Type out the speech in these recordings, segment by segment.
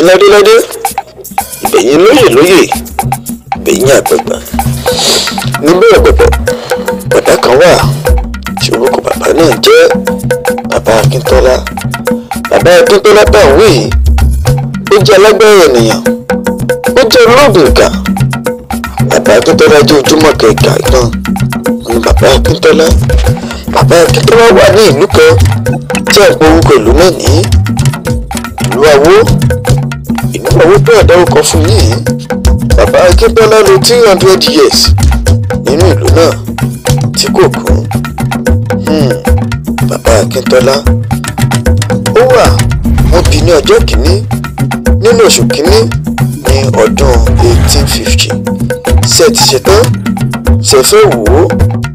ìbẹ̀yìn ládéládé ìbẹ̀yìn lóyè lóyè ìbẹ̀yìn àgbààgbà níbẹ̀ ọ̀gbọ̀gbọ̀ bàbá kan wà tí orúkọ bàbá náà jẹ́ bàbá akíntọ́lá bàbá akíntọ́lá báwí ó jẹ́ alágbára ènìyàn ó jẹ́ olóògùn ìkà bàbá akíntọ́lá jẹ́ ojúmọ̀ kẹ̀kẹ́ náà ni bàbá akíntọ́lá bàbá akíntọ́lá wà ní ìlú kan tí àpò orúkọ ìlú náà ní ìlú àwo ìlú àwo bẹ́ẹ̀ dárúkọ fún yìí bàbá akíntọ́lá lò three hundred years nínú ìlú náà tí kò kú hmm, bàbá akíntọ́lá ó wà wọ́n bí ní ọjọ́ kìíní nínú oṣù kìíní ní ọdún eighteen fifty ṣe ti ṣetán ṣe fẹ́ wò ó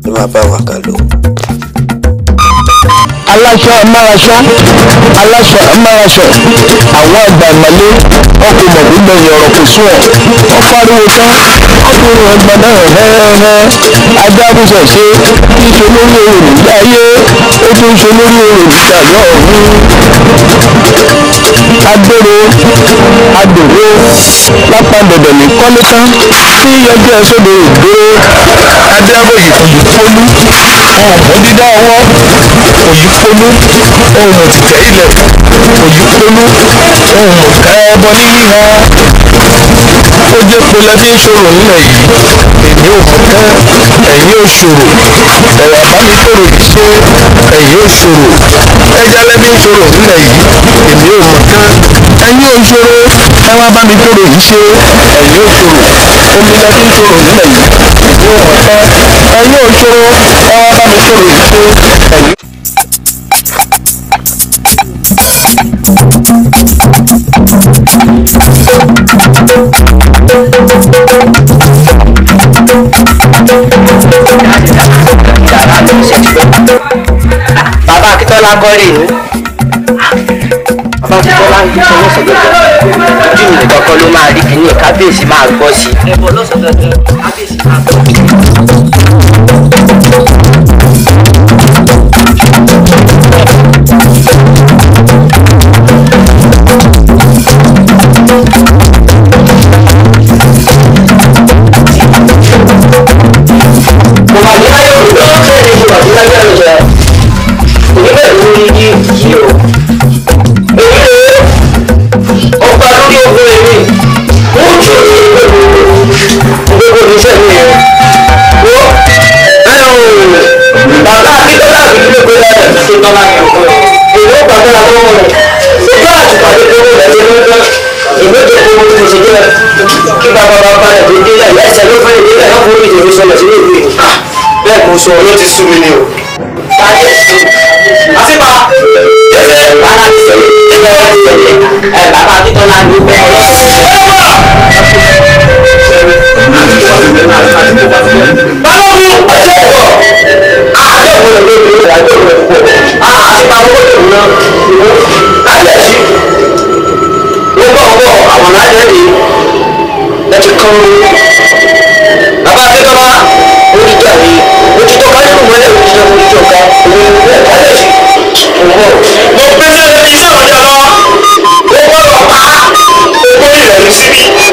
ni màá bá wa kà lọ aláṣọ márasọ aláṣọ márasọ àwọn àgbà ìmọ̀lẹ́ ọkọ̀ mọ̀gbìgbẹ̀ ìyọ̀rọ̀ kò sún ọ̀ ọ̀fáriwo tán ọkùnrin ọgbà náà hẹ́ẹ́hẹ́ ajábùsọ̀ ṣe kí ṣe lórí orò nígbà ayé ó tún ṣe lórí orò nígbà yọ̀ ọ̀hún agbóró agbòro lápàdọ̀dọ̀ ní kọ́létán tí yọjú ẹ sóde ìgboro adéábòyì òyìnfólú ọ̀hún dídá ọwọ́ òyìnfólú ohun òtítẹ́ ilẹ̀ òyìnfólú ohun òkà ẹbọ nílíhan fojépo lẹ fi ń ṣòro nílẹ̀ yìí èmi ò mọ̀ pé ẹ̀yin ò ṣòro ẹ̀rọ àbámitòrò yìí pé ẹ̀yin ò ṣòro ẹja lẹ fi ń ṣòro nílẹ̀ yìí èmi ò mọ̀ pé ẹ̀yin ò ṣòro ẹ wá bámitòrò yìí ṣe ẹ̀yin ò ṣòro omi lẹ fi ń ṣòro nílẹ̀ yìí èmi ò mọ̀ pé ẹ̀yin ò ṣòro ẹ wá bámitòrò yìí ṣe Bọ́lá gọ́rì ni bàbá tí Bọ́lá ń gbé sọ lọ́sọ̀dọ̀dọ̀ ojú mi kankan ló máa rí kíní kábíyèsí máa gbọ́ sí i. ẹ̀bọ̀ lọ́sọ̀dọ̀dọ̀ kábíyèsí máa gbọ́ sí i. kí bàbá bá bá dé délẹ̀ lẹ́sẹ̀ ló fẹ́rẹ̀ délẹ̀ náà fún ìdèrè sọlẹ̀ sí ìlú ìlú. Ah, bẹ́ẹ̀ kò sọ ló ti sú mi ni o. àṣìbà ẹsẹ̀ bàbá mi sọ̀rọ̀ ẹ bàbá mi tọ́lá ní bẹ́ẹ̀. bàbá mi ọjọ́ ìbọ̀ ló ń lò àjọ̀wọ̀ ẹ ti kán bàbá akẹ́kọ̀ọ́ mi òtítọ́ ká yóò mọ́lẹ̀ òtítọ́ òtítọ́ ká òun ní ẹ̀ kálẹ̀ ọ̀wọ́. mo gbé ẹni tí ìrànjọ́ lọ ó gbọ́dọ̀ pa ìrẹ̀lú síbi.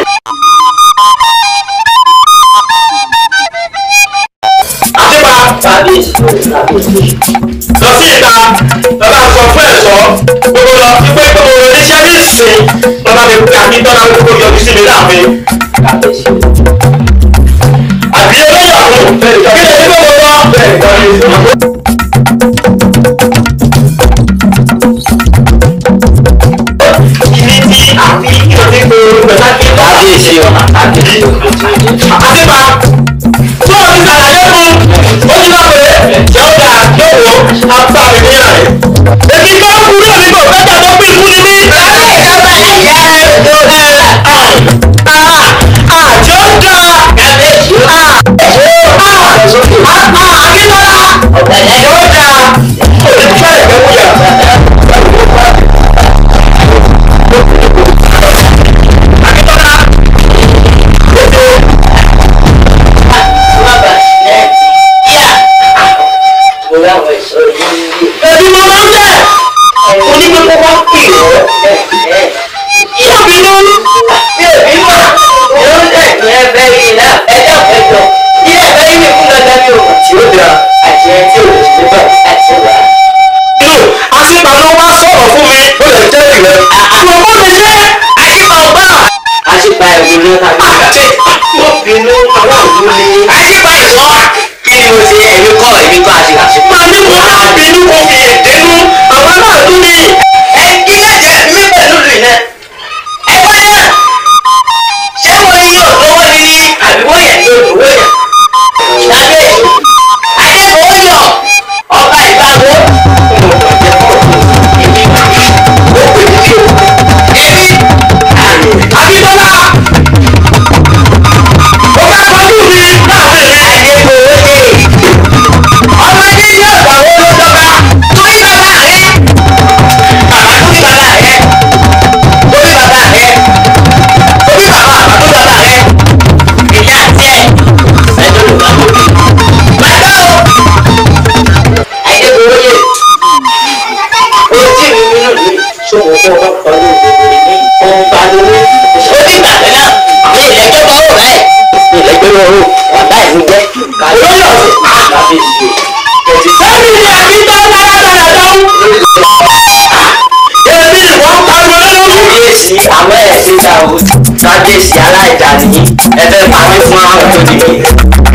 kábíyèsí aláìjà nìyí ẹ fẹ́ pa mí fún àwọn tó di mí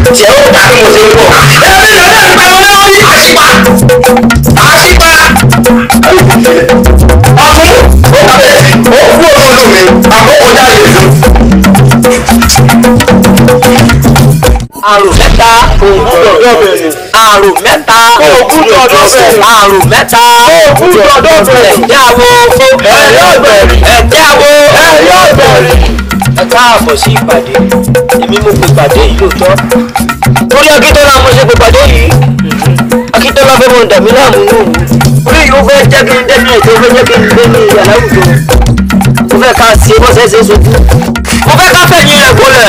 tiẹ̀ ó dá bí mo ṣe ń bọ̀. ẹ̀mí lọ lẹ́nu pé mo náwó ní àṣìpa àṣìpa ọ̀tún ó kàbẹ̀ ó kú olóòlù mi àkókò jáde ìlú. àrùn mẹ́ta òògùn ọ̀dọ́bẹ̀rẹ̀ àrùn mẹ́ta òògùn ọ̀dọ́bẹ̀rẹ̀ àrùn mẹ́ta òògùn ọ̀dọ́bẹ̀rẹ̀ ẹ̀jẹ̀ àwo ẹ̀jẹ̀ àwo ẹ̀jẹ̀ àwo ẹ̀jẹ̀ àwo ẹ káàbọ̀ sí ìpàdé èmi mo pe ìpàdé yìí lóòótọ́ torí akíntọ́lá mo ṣe pe ìpàdé yìí akíntọ́lá fẹ́ mọ dàmí láàmú nù orí yìí ó fẹ́ jẹ́ kí n dẹ́nu ètò ó fẹ́ jẹ́ kí n gbé ní ìyá láwùjọ mo fẹ́ ká ṣe bọ́sẹ̀ ṣe sojú mo fẹ́ ká fẹ̀yìn rẹ̀ bọ́lẹ̀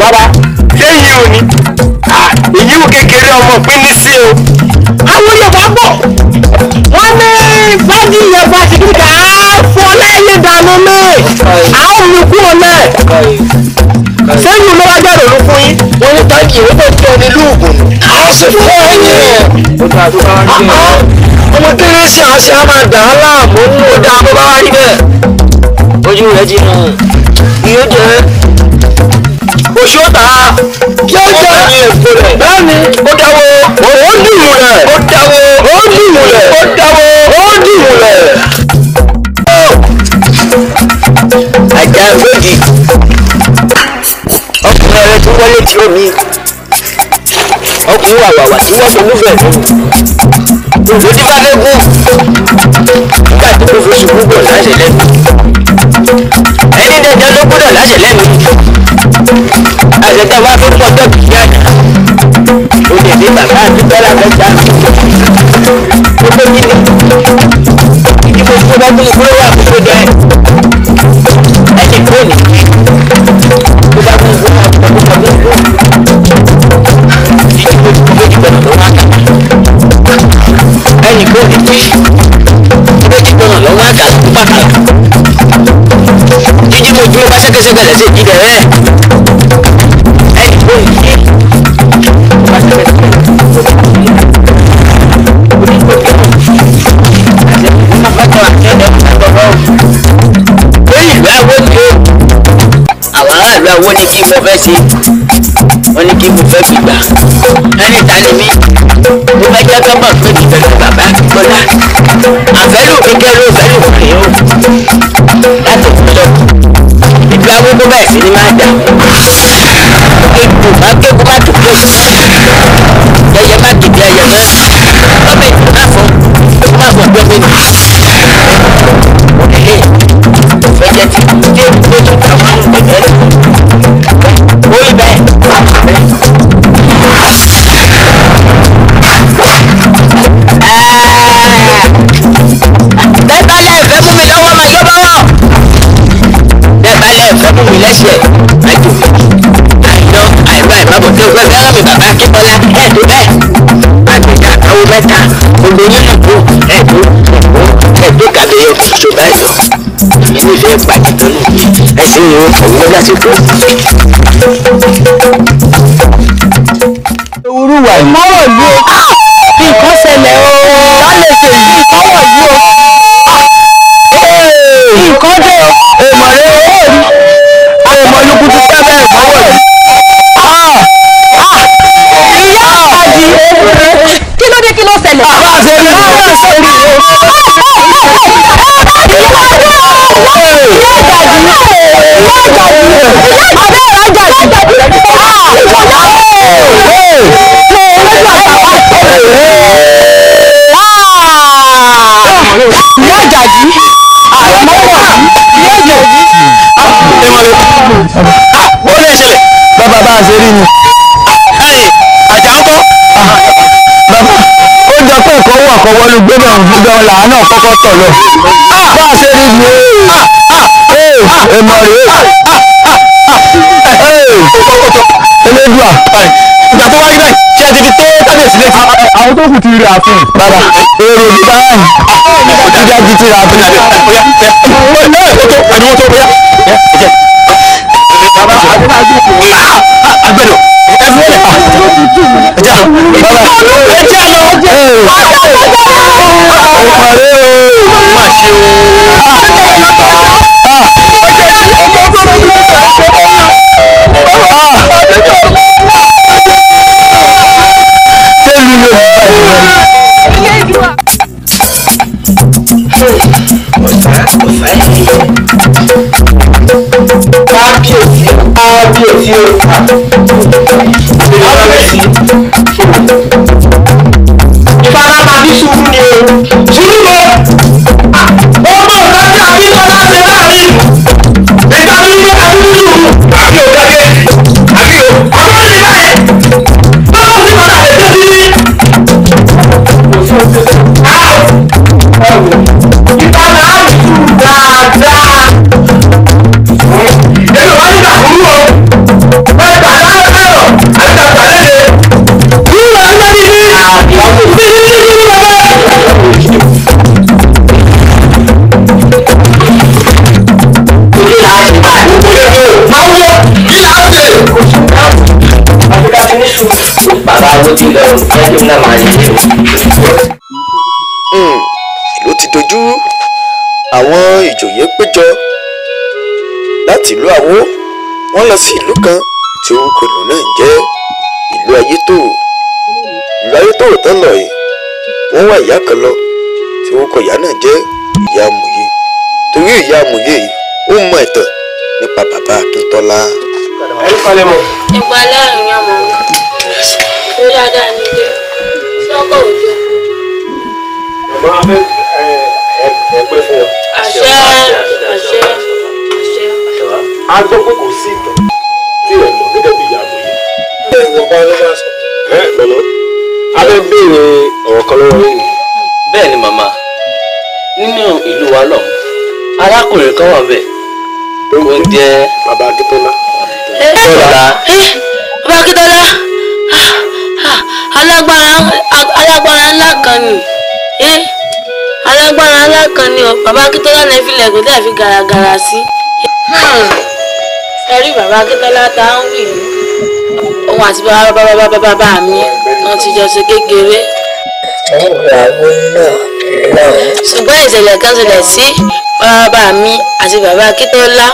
bàbá lẹ́yìn òní èyí ò kékeré ọmọ pín ní sí o àwọn Yorùbá bọ̀ wọ́n ní fájì yẹn fájì kíkà á fún ọ lẹ́yìn dànù mi a ó lu kú ọ̀nà ẹ̀ sẹ́yìn ló wá jáde ló fún yín. wọ́n ní táǹkì ìwé tó tọ́ ní lóògùn. a ó sì fún ẹ̀yìn ẹ̀. ọmọ kérésì àṣẹ á máa dà á láàmú ó dáa bó bá wá rí bẹ́ẹ̀. ojú rẹ̀ jìnnà yóò jẹ́ oṣù ọ̀tá kí ó jẹ́ bẹ́ẹ̀ni ó dáwọ́ ó dìmú rẹ̀ ó dáwọ́ ó dìmú rẹ̀ ó dáwọ́ ó dìmú rẹ̀. gbọ́ létí omi ọkùnrin wà wàwà tí wọ́n dolú bẹ̀ fún òjò tí bá fẹ́ gún nígbà tí kò fi ṣubú gbọ̀ láṣẹ lẹ́nu ẹni dẹ̀jọ́ ló gbọ́dọ̀ láṣẹ lẹ́nu àṣẹ tá a bá fi pọ̀ tọ́kì ní àná òjò tí bàbá àti tọ́lá fẹ́ já gbogbo kí ni ìdìbò tí wọ́n bá tún kúrò wà kúrò dẹ́. ségesège lè ṣe ìdílé rẹ. lórí ìlú awo ni o àwọn aráàlú awo ni kí mo fẹ́ ṣe wọ́n ní kí mo fẹ́ fi gbà ẹni ta ni mí mo fẹ́ jẹ́ kọ́mọ̀ pé mi pẹ̀lú bàbá gbọ́dá àfẹ́lù mi kẹ́rù fẹ́lù kùnrin o láti fún sọ́kù máa wúgbó bẹ́ẹ̀ sì ni máa jà kéku bá kéku bá tún kéku yẹyẹ má kìdí ẹyẹ mọ́ gọ́ọ̀mẹ̀ntì má fọ kéku má fọ gbẹ́mẹ̀ntì òkèlè òfẹ́jẹ́tì. ṣe àjò àìná àìwá ìbábọ̀dé ògbẹ́gbẹ́ àmì bàbá akíkọ́lá ẹ̀ẹ́dù bẹ́ẹ̀ àgbèjà àwo mẹ́ta olóyún ẹ̀kọ́ ẹ̀dù ẹ̀kọ́ ẹ̀dù kàbẹ̀yẹ ṣùgbọ́n ẹ̀dọ̀ ìlú ìfẹ́ ìpàdé tó ní ẹ̀sìn ìwé ọ̀gbọ́n lásìkò. làá náà kọ́kọ́ tọ̀ lọ. bá a ṣe rí mi ẹ mọ̀ rí elédùà ìgbà tó wáyé báyìí ṣe ti fi tó kábíyèsí létí. àwọn tó kù ti rí ààfin. bàbá èrò mi bá rìn ìjà ju ti rà ààfin. ọ̀nà ìwọ́tò pẹ̀lú wọ́tò bóyá. bàbá àgbẹ̀dọ̀ ẹ fún ẹ̀. ẹja kábíyèsí o kábíyèsí o. ló náà máa yẹ ìlú ti dojú àwọn ìjòyè péjọ láti ìlú àwo wọ́n lọ sí ìlú kan tí orúkọ ìlú náà ń jẹ́ ìlú ayétò ìlú ayétò tán lọ yìí wọ́n wá ìyá kan lọ tí orúkọ ìyá náà jẹ́ ìyá amòye torí ìyá amòye yìí ó mọ ìtàn nípa bàbá akíntọ́lá. ẹ ń palẹ̀ mọ́. ìpalẹ̀. a gbọ́ pé kò sí ìtàn tí ẹ mọ̀ gẹ́gẹ́ bí ìyàwó yìí. bẹ́ẹ̀ ni ọba ọlọ́wọ́ sọ. ẹ pẹ̀lú abẹ́ béèrè ọ̀rọ̀ kan lọ́wọ́ yìí. bẹ́ẹ̀ ni màmá nínú ìlú wa lọ arákùnrin kan wà bẹ́ẹ̀ ó ń jẹ́ bàbá akíntọ́lá. tọ́lá bàbá akíntọ́lá alágbára ńlá kan ni alágbára ńlá kan ni bàbá akíntọ́lá náà fi lẹ̀kùn tẹ́ fi gàràgàrà sí. Hmm ẹ rí bàbá akíntọ́lá tá ń wì í òun àti bàbá bàbá bàbá bàbá mi wọn ti jọ ṣe kékeré. ìyàwó náà náà. ṣùgbọ́n ìṣẹ̀lẹ̀ kan ṣẹlẹ̀ sí bàbá mi àti bàbá akíntọ́lá.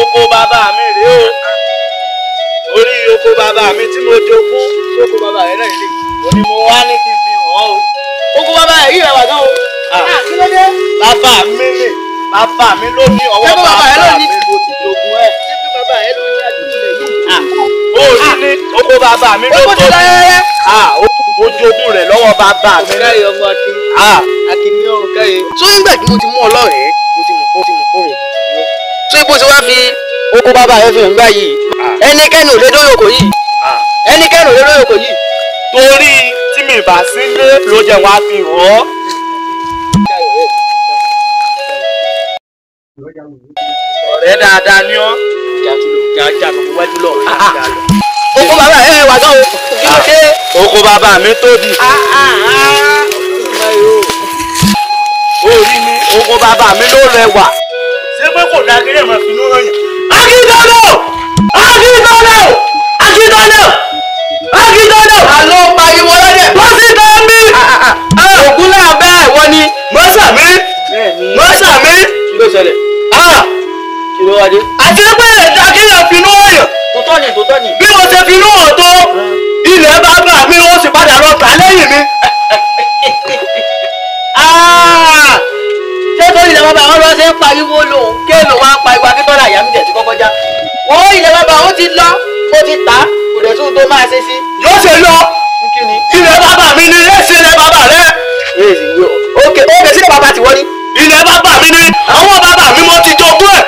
oko bàbá mi rèé o orí oko bàbá mi tí mo jogún oko bàbá rẹ̀ náà yìí ni mo wá ní kí n fi hàn ọ́ oko bàbá rẹ̀ yìí rẹwà gan o. Ah, kílódé. bàbá mi lè bàbá mi ló ní ọwọ́ bàbá mi mo ti jogún ẹ ló ah, ní ní ah. oko bàbá mi ló tó ó jogún rẹ̀ lọ́wọ́ bàbá mi. ọ̀gá yìí ọmọ akin akin ní ọ̀rùn kẹ́yìn. tó ń gbà mo ti mú ọ lọ́rẹ̀ẹ́ mo ti mọ̀ kó ti mọ̀ kó tó ibo ti wá fi oko bàbá rẹ̀ fi hàn yìí ẹnikẹ́ni ò lè dóyòkó yìí ẹnikẹ́ni ò lè dóyòkó yìí. torí tí mi bá sílé ló jẹ́ wá fi hàn ọ̀rẹ́ dáadáa ni ọ́ jàjà gbogbo wájú lọ. oko bàbá ẹ wà gan o kí ló dé. oko bàbá mi tóbi. Ah, ah, ah. orí mi oko bàbá mi ló rẹwà. ṣé pé kò dáa kí lè máa fi inú ràn yàn. akíndọ́lọ̀ akíndọ́lọ̀ akíndọ́lọ̀ akíndọ́lọ̀. àlọ́ pariwo lọ́dẹ̀. wọ́n sì tán mí. ògùn náà bẹ́ẹ̀ wọ ni. mọ́sàmí mọ́sàmí. kí ló ṣẹlẹ̀ ìrọ̀lẹ́. àti pé akínyàn finú òyàn. tòótọ́ ni tòótọ́ ni. bí mo ṣe finú hàn tó ilẹ̀ bá bà mí ó sì padà lọ tà lẹ́yìn mi. Ah! ṣé tó ilẹ̀ bàbá àwọn ọlọ́sẹ̀ ń pariwo lòun kéèlò wa ń pariwo akíntọ́lá àyà mi tẹ̀ ti kọ́kọ́ já. wọ́n ilẹ̀ bàbá ó ti lọ ó ti tà kò dẹ̀ tún tó máa ṣe sí. yóò ṣe lọ ilẹ̀ bàbá mi ni ẹ ṣe ilẹ̀ bàbá rẹ. ó kè ó kè sílẹ̀ bàbá ti wọ́n ní. ilẹ̀ bàbá mi ni àwọn ah. bàbá mi mo ti jogún ẹ̀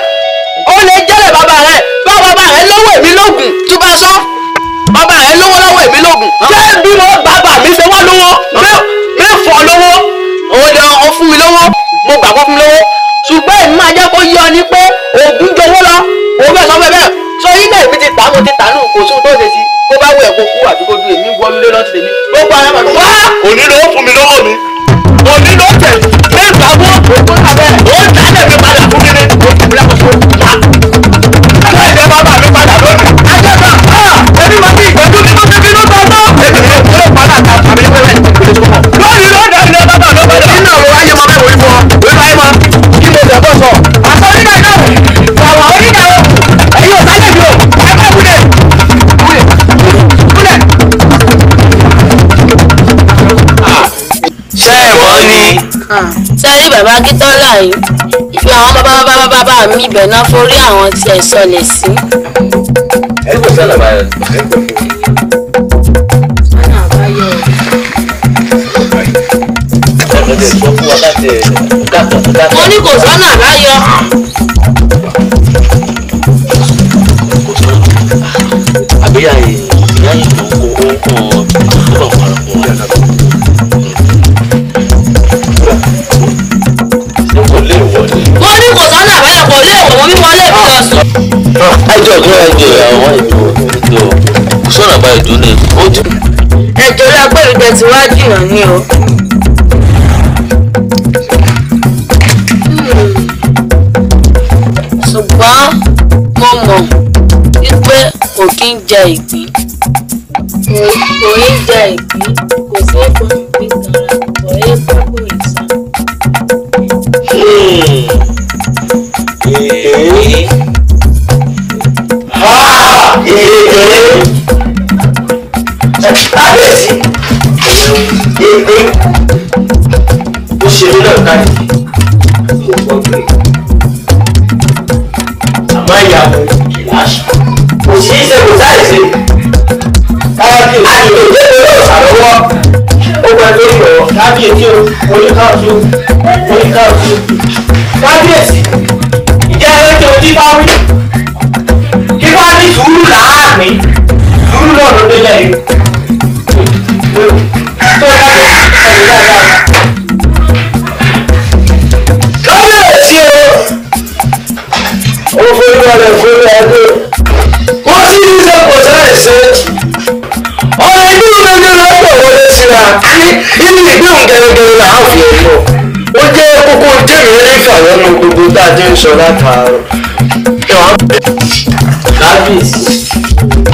ó lè jẹ́lẹ̀ bàbá rẹ̀ bá bàbá rẹ̀ lọ́wọ́ èmi lóògùn tó bá sọ bàbá rẹ̀ lọ́wọ́ lọ́wọ́ èmi lóògùn ṣé bí wọ́n bàbá mi ṣe wá lọ́wọ́ mẹ́fọ̀ lọ́wọ́ òun ni wọ́n fún mi lọ́wọ́ mo gbà kó fún mi lọ́wọ́ ṣùgbọ́n èmi máa jẹ́ kó yé ọ ní pé òògùn jowó lọ òun bẹ́ẹ̀ sọ bẹ́ẹ̀ bẹ́ẹ̀ sọ ilé ìbí ti tà mo ti tà nù kò sóhun tó ṣe sí kó bá wẹ̀ kó kú àbí kó du èmi wọ́n lé lọ́tì tèmi ó pa ara màdùn wá. òní ló fún mi lọ́wọ́ mi bẹ́ẹ̀ wọ́n ní. sẹ́rí ah. bàbá akíntola yìí ìfẹ́ àwọn bàbá bàbá bàbá mi ibẹ̀ náà forí àwọn tí ẹ̀ sọlẹ̀ sí. ẹ kò sọ̀rọ̀ báyọ̀ ẹ kò fún mi. sọ́nà àbáyọ. ọ̀rọ̀ lè sọ fún wa láti dàpọ̀ dàpọ̀. mo ní kò sọ́nà àbáyọ. àbíyá yìí ìyá yìí ló ń kó. ẹjọ́ ìdúró ẹjọ́ ìyàwó ìdúró sọ̀rọ̀ bá ìdúró ojú. ẹjọ́ lágbọ́n ìgbẹ́ tí wàá jìnnà ní o. Hmm. ṣùgbọ́n mo mọ̀ wípé kò kí ń jẹ ìgbín kò ń jẹ ìgbín kò sí ìgbín. kábíyèsí o oníkàwé o oníkàwé o kábíyèsí ìjà ẹlẹ́jọ́ ojú bá wí kí wá ní sùúrù láàrin sùúrù náà ló délẹ̀ yìí tó dábẹ́ ẹ̀rí dáadáa. kábíyèsí o ó fẹ́ lọ́ọ́ rẹ̀ fún ẹgbẹ́. àti inú ìgbéhùn gẹrẹgẹrẹ làwọn fi ẹ̀ lọ ó jẹ́ kókó tèmi rí fàwọn nu gbogbo tá a ti ń sọ látàárọ̀. kábíyèsí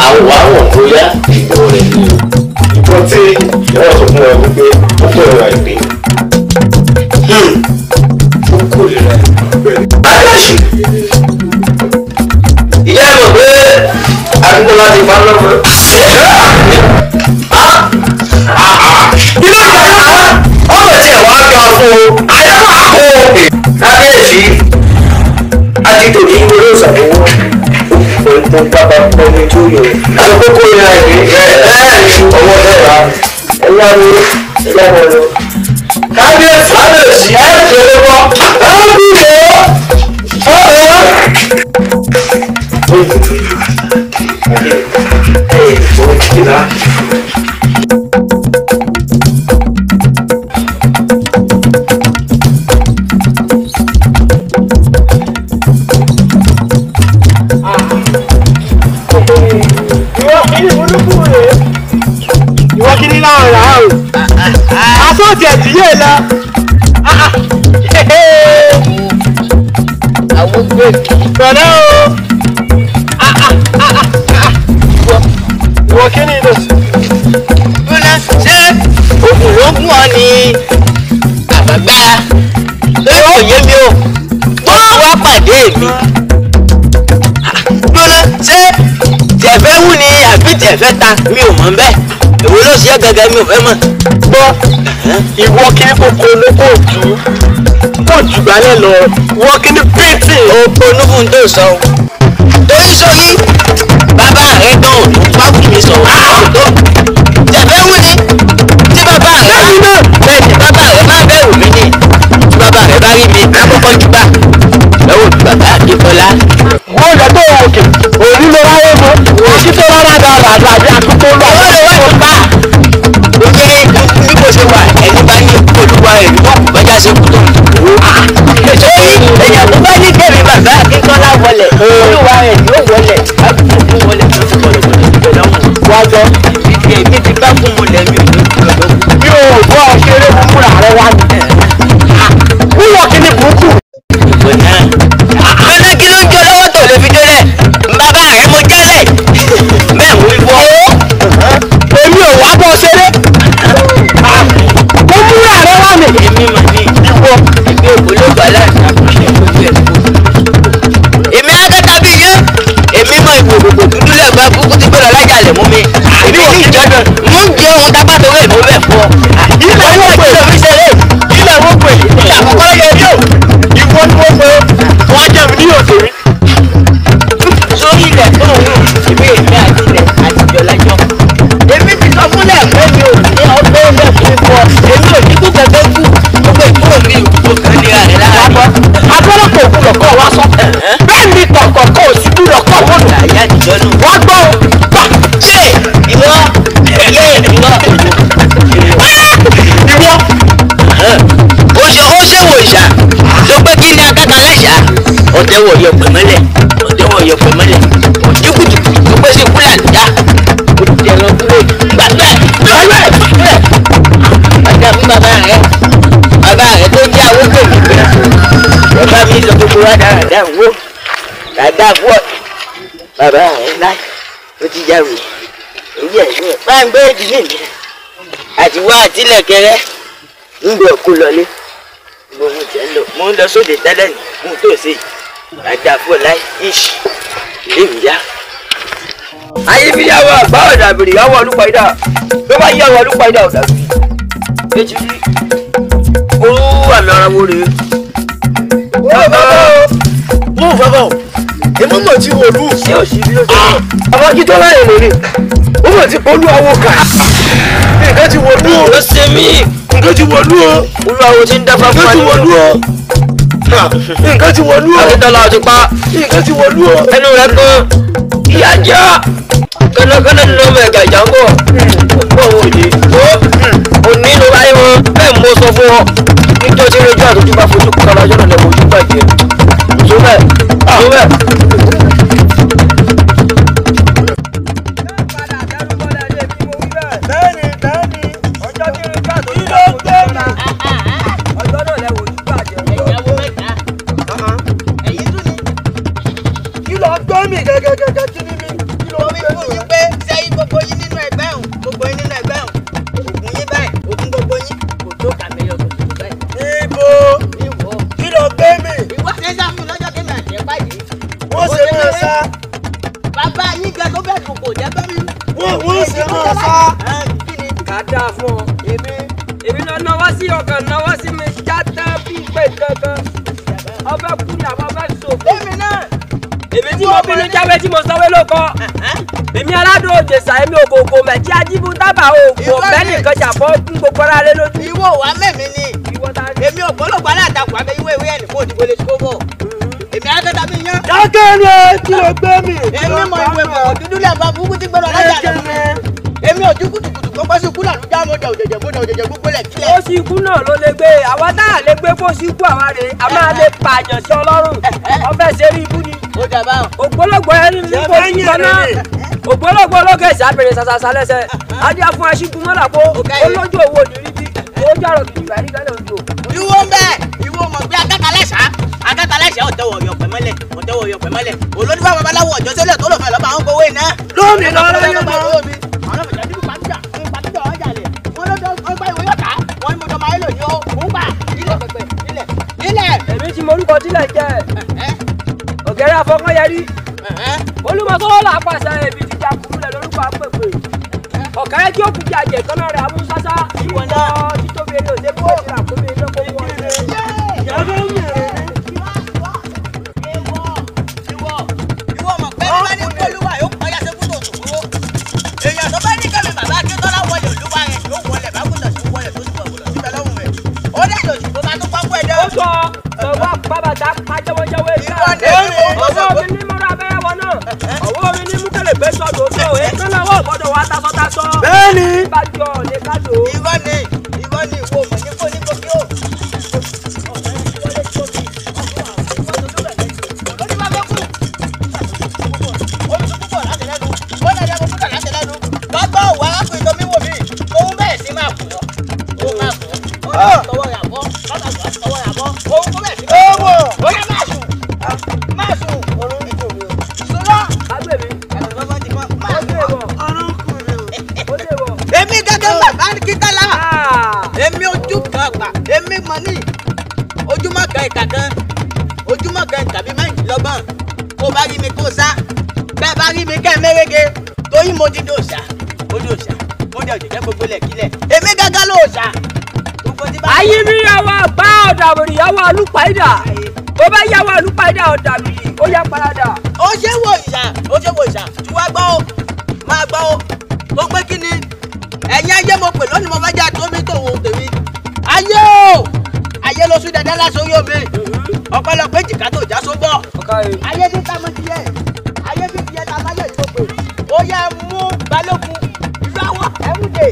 àwòwáwọ̀ bóyá ìbò rẹ̀ ni o. ìbọn tí ìyàwó sọ fún ẹ wípé ó kó ìrora ìpè. Hmm. ó kó ìrora ìpè. báyọ̀sì ìyá ẹ̀ mọ̀ pé àdúgbò láti máa lọ́wọ́. nítorí ìwúlò ìṣàkóso òǹtẹ̀ pápá pẹ̀lú tó yọ. àkókò ìlà ìrìn ẹ̀ẹ́dẹ́rìn ọwọ́ dẹ́ra ẹ̀yà mi ẹ̀yà mi lọ. kábíyèsí kábíyèsí ẹ̀ ń tẹ̀lé wọn kábíyèsí ọ̀rẹ́. ẹ̀ẹ́dẹ́gbọ̀n kìlá. èmi gbọ́dọ̀ ṣé tẹ̀fẹ́ wù ní àbí tẹ̀fẹ́ ta mi ò mọ̀ ń bẹ́ẹ̀ èwo ló ṣe gẹ́gẹ́ mi ò fẹ́ mọ̀. gbọ́ ìwọ kíní kókó ló kò jù kò jù gbalẹ̀ lọ wọ́n kíní pírítì. o ponúkún tó sọ o torí sórí bàbá rẹ gan ò ní pákó mi sọ wọ́n ah! kò tó tẹ̀fẹ́ wù ní tí bàbá rẹ bá bẹ́ẹ̀ ni bàbá rẹ má bẹ̀rù mi ni tí bàbá rẹ bá rí mi àkọ́kọ́ jù bá. lásìkò tó ń wú. torí ẹyẹ kó bá ní kẹrin bàbá akíntọ́lá wọlé olúwa rẹ̀ yóò wọlé akíntọ́lá wọlé tó ti wọlé kó tó ti wọlé ọmọ. wájọ rádaràdà ń wó ràdà wọ bàbá rẹ ńlá ló ti jáwé èyí ẹ̀ ní ẹ̀ máa ń gbé ìdílé mi àti wá àtìlẹ̀kẹrẹ ń bẹ̀ kó lọlé gbogbo tẹ̀ ń lọ mo ń lọ sóde tẹ́lẹ̀ ní mo tó ṣe ràdà fún ọ láì ìṣì ilé mi yá ayébíyàwó àgbà ọ̀dà bèrè yàwó ọlúpa idà ló bá yàwó ọlúpa idà ọ̀dà bèrè méjì rí olú àmì ara wo rèé àfọ́fọ́ o èmi mọ̀ tí wò lù. ṣé o sì rí o ah, ó mọ̀ tí polú kà. nǹkan ti wò lù o. ṣe mí. nǹkan ti wò lù o. olú ti ń dáfá fún wa nǹkan ti wò lù o nǹkan ti wọlú o. àtẹ̀tọ́lá ti pa. nǹkan ti wọlú o. ẹnu rẹ kan ìyá jẹ́ kọ́nàkọ́nà nínú ọmọ ẹ̀gà ìjàngọ̀ púpọ̀ òní tó òní ló bá yẹ wọn bẹ́ẹ̀ mo sọ fún ọ nítorí ojú àtúntò bá fojú kọ́ra 各位。ṣe máa sá. kà á dáa fún ọ. èmi èmi náà náwó sí ọkàn náwó sí mi jáde bí ìpè kankan. èmi náà. èmi tí mo bínú jáwé tábà ògò bẹ́ẹ̀ nìkan jà fún gbogbo ara rẹ lójú. ìwọ wa mẹ́mi ni èmi ògbólógbó aláàtàkùn abẹ́yẹ́wé ìwé ẹ̀ èmi á dọ́dọ̀ mi yán. dákẹ́ ni ẹ tí o gbé mi. èmi mọ ìwé bọ̀ dúdú lẹ́ẹ̀fà burúkú ti gbọ́dọ̀ lájà lọ èmi ò dín kùtùkùtù kó pẹ́sì kú lànà dáhùn ọjà òjèjì gbọ́dọ̀ òjèjì gbogbo lẹ̀ kílẹ̀. ó sì kú náà ló lè gbé àwa tá a lè gbé kó sì àwa rè a máa lè pààyàn sí ọlọ́run ọfẹ́ sẹ́rí ibú ni. ó dàbà o. ògbólógbò ẹni ní kó sì gbọ́ná ògbólógbò olókè sábẹ̀rẹ̀ sàṣàṣà lẹ́sẹ̀ adé afún aṣígun mọ́lá kó olójú òwò ní rí bí ojú àrò bàtà aláṣẹ ọ̀tẹ́wọ̀ ọ̀yọ̀pẹ̀ mọ́lẹ̀ ọ̀tẹ́wọ̀ ọ̀yọ̀pẹ̀ mọ́lẹ̀ olódìbá babaláwo ọ̀jọ́ sílẹ̀ tó lò fẹ́ lọ́ba àwọn gbowó iná. lómi lọ́wọ́ lómi lọ́wọ́ mi. àwọn ọmọ ìjọba pàtó pàtó ọjà lẹ̀ wọ́n lọ́dọ̀ ọgbà ìwé yọ̀tá wọ́n mú ọmọ ayélo ní òǹgbà ilẹ̀ pẹ̀pẹ̀ ilẹ̀ ilẹ̀. èmi ti mọ orúkọ tílẹ̀ jẹ́ ọ̀gẹ́rẹ́ afọkànyẹrí olùmọ̀tòwọ́ là á pàṣẹ ẹ̀bì ti jà kúrú lẹ̀ lórúkọ àpèpè ọ̀kẹ́ kí ó kú jàjẹ̀ wá tásọ́tásọ́. bẹ́ẹ̀ni. wo mọ̀ ní fóní kókí o. Oh! yáwó olùpàdà ó bá yáwó olùpàdà ọ̀dà mi ó yá parada. ó ṣe wo ìṣà ó ṣe wo ìṣà tí wàá gbọ́ ó máa gbọ́ ó mo pé kí ni ẹ̀yin ayé mo pè lónìí mo fẹ́ jẹ́ àtúnmí tòun tèmi ayé o ayé ló sún dandan lásán yóò mi ọ̀pọ̀lọpọ̀ èjìká tó já só gbọ́ ayé bí táwọn ti yẹ ayé bí ti yẹ ta láyé ìgbòkè ó yẹ mú balógun ìlú àwọn ẹ̀wùn dè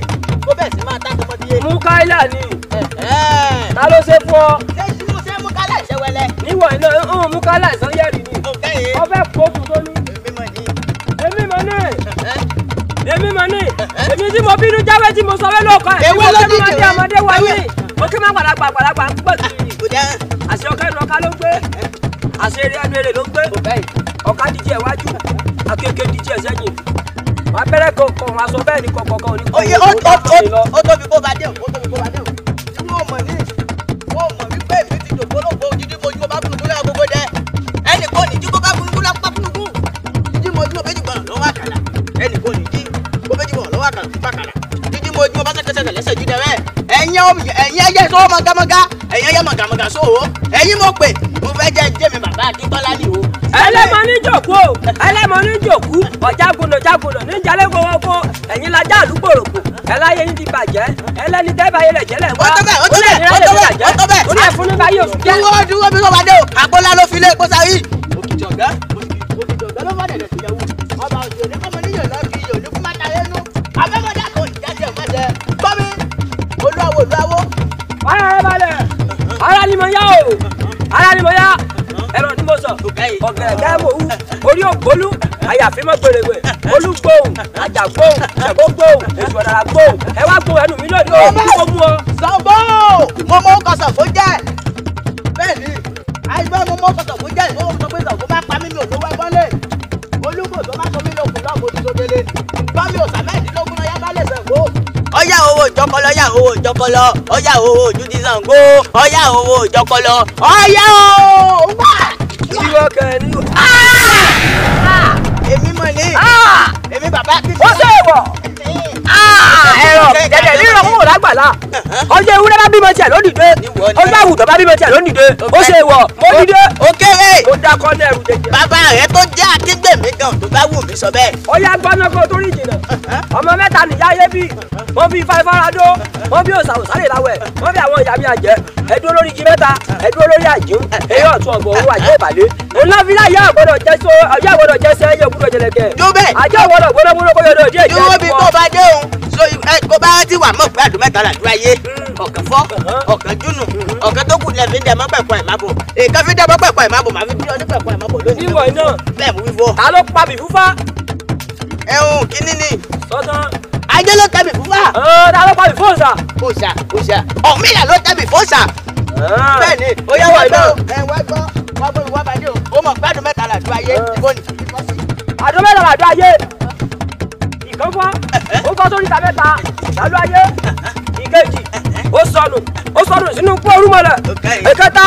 kó bẹ̀ sí máa tá tọmọdé. mú káílà ni ta ló ṣe fún ọ mọ̀ iná ń mú kálá ìsán yẹ̀rì ni ọbẹ̀ kóòtù tó ní. èmi mọ̀ ní èmi mọ̀ ní èmi tí mo bínú jáwé tí mo sọ wẹ́ lóòkọ́ ẹ̀ èmi ló ti jẹ́ ọmọdé wa ní òkè má gbàdàgbà gbàdàgbà ń pọ̀ sí i àṣẹ ọ̀kẹ́ ìlú ọ̀ká ló gbé àṣẹ eré ẹnu èrè ló gbé ọ̀ká díje iwájú akéèké díje sẹ́yìn wàá bẹ̀rẹ̀ kọ̀ọ̀kan wàá sọ bẹ́ẹ̀ ni kọ̀ọ̀kan ò ní kọ̀ọ̀kan ò ní kọ̀ọ̀kan ò ní lọ. ó tóbi kó bá dé o ó tóbi kó bá dé o. ẹ̀yin ẹyẹ tó mọ̀gámọ́gá ẹ̀yin ẹyẹ mọ̀gámọ́gá sóhó ẹ̀yin mo pè mo fẹ́ jẹ́ jẹ́mi bàbá akíntọ́lá ni o. ẹlẹ́mọ ní jòkó o ẹlẹ́mọ ní jòkú ọ̀jágunà jágunà níjàlẹ̀ gbogbo ẹ̀yin lajá àdúgbòrògbò ẹláyé yín ti bàjẹ́ ẹlẹ́ni tẹ́bà yẹlẹ̀ jẹ́lẹ̀ wá ó lè ní ayé bàjẹ́ ó lè fún ní báyé òṣù jẹ́. dúró dúró bí wọ́n wá dé o àgbọ̀lá ló fi lé epo sáré. òkìtì ọ̀gá ẹ balẹ̀ ara ni mo yá o ara ni mo yá ẹ̀rọ ni mo sọ ọ̀gẹ̀rẹ̀gẹ̀ mo wú orí ògbólú àyàfi mọ́ gbèrègbè olú gbóhùn ajá gbóhùn ṣẹ̀gbó gbóhùn èṣù ọ̀dàrà gbóhùn ẹ wá gbóhùn ẹnu mi lónìí o kí mo mú ọ. sọ́gbó mo mọ kọsàn fún jẹ́ bẹ́ẹ̀ ni àìsàn mo mọ kọsàn fún jẹ́ ìjọkọlọ yà owó ìjọkọlọ ọyà owó ojú ti Ṣàngó ọyà owó ìjọkọlọ ọyà owó. ìwọ kẹrin o. èmi mọ̀ ní. èmi bàbá kìí. ó ṣe é wọ̀. ẹ̀rọ gẹ̀gẹ̀ rírọ̀ ọjọ́ ewúrẹ́ bá bímọ tiẹ̀ lónìí dé ọjọ́ àwùjọ bá bímọ tiẹ̀ lónìí dé ó ṣe wọ̀ mo ní dé. o kéré mo dákọ́ náà ẹrù jẹjẹrẹ. bàbá rẹ tó jẹ́ akígbèmí gan tó bá wù mí sọ bẹ́ẹ̀. ó yá gbọ́nà kó torí ìjìnà uh-huh. ọmọ mẹ́ta nìyá yé bí wọ́n fi ifá ifá ra òsà òsà lè lawẹ̀ wọ́n fi àwọn ìyá mi àjẹ́ ẹ̀dúró lórí igi mẹ́ta ẹ̀dúró lórí àjùm ẹ̀yọ́ uh-huh. ọ̀tún ọ̀gbọ̀n òun àjẹ́ ìbàlẹ̀ ńlá fi láyé ọ̀gbọ́dọ̀ jẹ́ sọ ọjọ́ ọ̀gbọ́dọ̀ jẹ́ sẹ́ ẹ̀yọ́ gbúdọ̀ jẹlẹ̀kẹ́ àjọ ọ̀gbọ́dọ̀ gbọ́dọ̀ gbọ́dọ̀ kó yọ̀dọ̀ díẹ̀ jẹ́ ìwọ́. dúró bí tó bá dé òun kó bá ti wà mọ̀ pé àdùn là àdúrà yé ọ̀kan fọ́ ọ̀kan júnù ọ̀kan tó kù lẹ́ẹ̀fín dẹ̀ mọ́ pẹ̀pọ̀ ìmábò èèkan fi dẹ̀ mọ́ pẹ̀pọ̀ ìmábò màá fi bí ọdún pẹ̀pọ̀ ìmábò lónìí. ìwọ iná bẹ́ẹ̀ mú wíwọ. ta ló pa mi fúfá. ẹ̀hún kínní ni. sọ́tàn. ajé ló tẹ̀mí fúfá. ọ̀ ta ló pa mi fóòsà. fóòsà fóòsà ọ̀míyà ló tẹ̀mí fóòsà. bẹ́ẹ̀ ni ó yẹ wọ iná. ẹ wá gbọ́ wá bóyá wá bá dé o ó mọ̀ gbádùn mẹ́ta làdú ayé ah. ìbọn ní àdó mẹ́ta làdó ayé ìkọ́gbọ́n eh, eh. ó kọ́ sórí ta mẹ́ta làdó ayé. Eh, sọnù ó sọnù sínú pọ́ orúmọlẹ̀ ìkẹta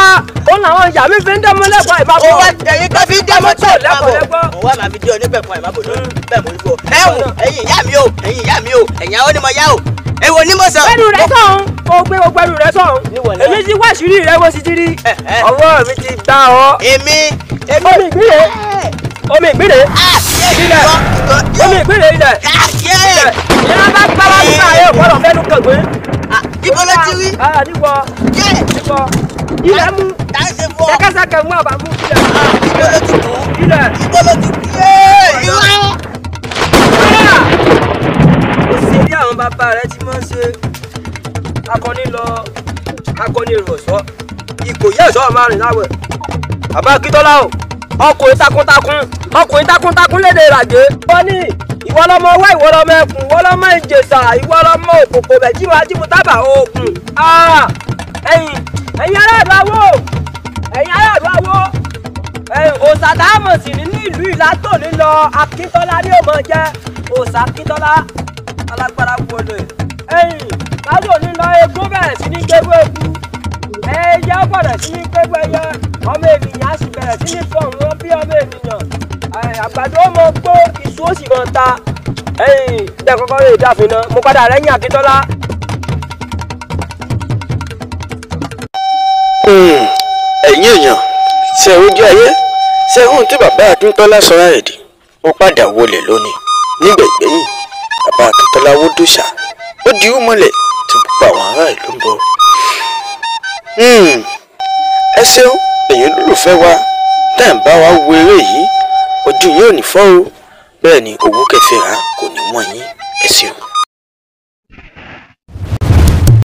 ó làwọn ìyá mi fi ń dẹ́mu lẹ́kọ̀ọ́ ìbábọ̀ wọn ẹ̀yin kan fi ń dẹ́mu tó lẹ́kọ̀ọ́ lẹ́kọ̀ọ́ wọn wà máa fi dé onípẹ̀kọ̀ ìbábọ̀ lórí mm. bẹ́ẹ̀ mo ń bọ̀ ẹ̀wù ẹ̀yin ìyá mi o ẹ̀yin ìyá mi o ẹ̀yin àwọn onímọ̀ yá o èwo ni mo sọ. gbẹ̀rù rẹ sọ̀hún o gbé o gbẹ̀rù rẹ sọ̀hún èmi ti wá ìṣírí rẹ mo sì ti rí eh, eh. ọwọ́ mi ti gbá ọ. èmi èmi omi ìgbìrè eh. omi ìgbìrè ilẹ̀ omi ìgbìrè ilẹ̀ ilẹ̀ ìyá bá gbára nígbà yẹn gbọ́dọ̀ fẹ́nu kàgbé ibo ló ti rí. Ah, ah, níwọ níwọ ilẹ̀ mú ṣẹkẹsẹkẹ mú àbá mú ilẹ̀ mú. Ah, ibo ló ti kú ilẹ̀ ibo ló ti kú. irọ́ kò sí bí àwọn bàbá rẹ ti máa ń ṣe akọni lọ akọni ìrọ̀sọ́ ìkòyí ẹ̀sọ́ máa rìn láwẹ̀ bàbá akíntọ́lá o ọkùnrin takuntakun ọkùnrin takuntakun lédè ìràgé. wọ́n ní ìwọ lọmọ wá ìwọ lọmọ ẹkùn ìwọ lọmọ ìjèṣà ìwọ lọmọ òkòkò bẹ̀jìmọ̀ ajímú tábà oògùn ẹ̀yin ẹ̀yin aráàlú awó ẹ̀yin aráàlú awó òṣàtà àmọ̀sí nínú ìlú ìlàtò nílọ akíntọ́lá ní òmọ jẹ́ òṣà akíntọ́lá alágbára wọlé ẹ̀yin kájọ nílọ egún bẹ̀rẹ̀ sí ní gbégbó eku ẹ̀yẹ bẹ̀rẹ̀ sí ní gbégbó ẹyẹ ọmọ ènìyàn á sì bẹ̀rẹ̀ sí ní fọ̀ọ̀rùn bí ọmọ ènìyàn àgbàdo mọ gbó iṣu ó sì mọ ta dẹ kọkọ rè dàfin náà mo padà rẹ́yìn Akíntọ́lá. Hmm, ẹ̀yin èèyàn ṣe ojú ayé ṣe ohun tí bàbá Akíntọ́lá sọra ẹ̀ dì ó padà wọlé lónìí nígbà ìgbẹ̀yìn bàbá Akíntọ́lá wó dùṣà ó di ú tí gbogbo àwọn ará ń bọ̀. Hmm, ẹ ṣeun èyí lólùfẹ́ wa tẹ̀ ń bá wa wo eré yìí ojú yín ò ní fọ́ o bẹ́ẹ̀ ni owó kẹfẹ́ rà kò ní wọ́n yín ẹ ṣeun.